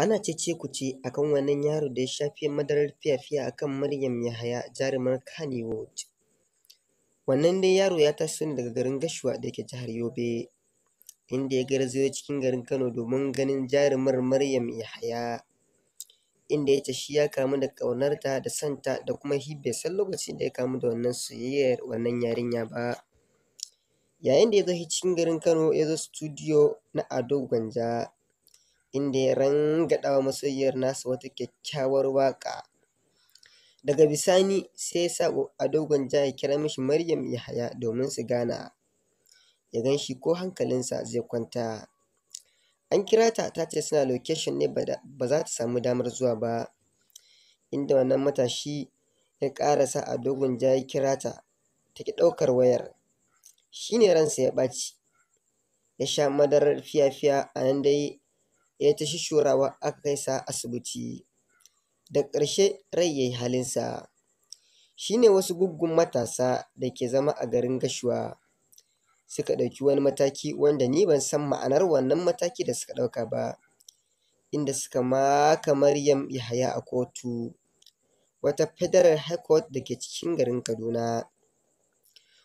Ana cece-kuce a kan wannan yaro da ya sha madarar fiya-fiya a kan Maryam Yahaya jarumar Kannywood. Wannan dai yaro ya taso ne daga garin Gashuwa da yake jihar Yobe, inda ya garzayo cikin garin Kano domin ganin jarumar Maryam Yahaya, inda ya ce shi ya kamu da ƙaunarta da santa da kuma hibe san lokacin da ya kamu da wannan soyayyar wannan yarinya ba. Yayin da ya zo cikin garin Kano ya zo studio na Ado Gwanja inda ya rangadawa masoyiyar nasa wata kyakkyawar waƙa. Daga bisani sai ya sa Ado Gwanja ya kira mishi Maryam Yahaya domin su gana, ya gan shi ko hankalinsa zai kwanta. An kira ta ta ce suna location ne ba za ta samu damar zuwa ba, inda wannan matashi ya ƙara sa Ado Gwanja ya kira ta, ta ƙi ɗaukar wayar. Shi ne ransa ya ɓaci, ya sha madarar fiya-fiya a nan dai ya ta shishurawa aka kai sa asibiti da ƙarshe rai ya yi halinsa shi ne wasu guggun matasa da ke zama a garin gashuwa suka ɗauki wani mataki wanda ni ban san ma'anar wannan mataki da suka ɗauka ba inda suka maka maryam yahaya a kotu wata federal high court da ke cikin garin kaduna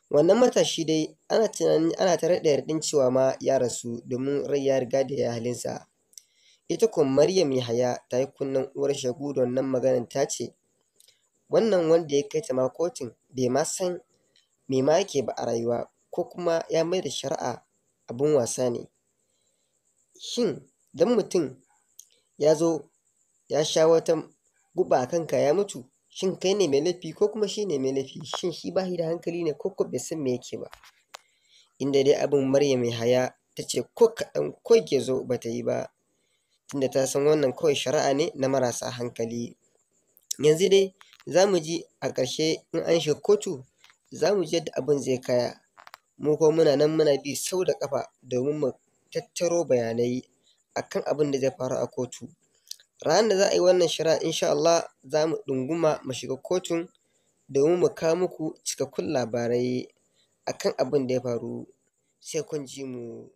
wannan matashi dai ana tunanin ana tare da yardin cewa ma ya rasu domin rai ya riga da ya halinsa Ita ku Maryam Yahaya ta yi kunnen uwar shagu da wannan maganar ce. wannan wanda ya kai ta ma kotun bai ma san me ma yake ba a rayuwa ko kuma ya mai da shari'a abin wasa ne. Shin don mutum ya zo ya sha wata guba a kanka ya mutu, shin kai ne mai laifi ko kuma shi ne mai laifi? Shin shi ba shi da hankali ne ko kuma bai san me yake ba? Inda dai abin Maryam Yahaya ta ce ko kaɗan ko zo ba ta yi ba. tunda ta san wannan kawai shari'a ne na marasa hankali yanzu dai za mu ji a ƙarshe in an shiga kotu za mu ji yadda abin zai kaya mu ko muna nan muna bi sau da ƙafa domin mu tattaro bayanai akan abin da zai faru a kotu ranar da za a yi wannan shari'a insha Allah za mu ɗunguma mu shiga kotun domin mu kawo muku cikakkun labarai akan abin da ya faru sai kun ji mu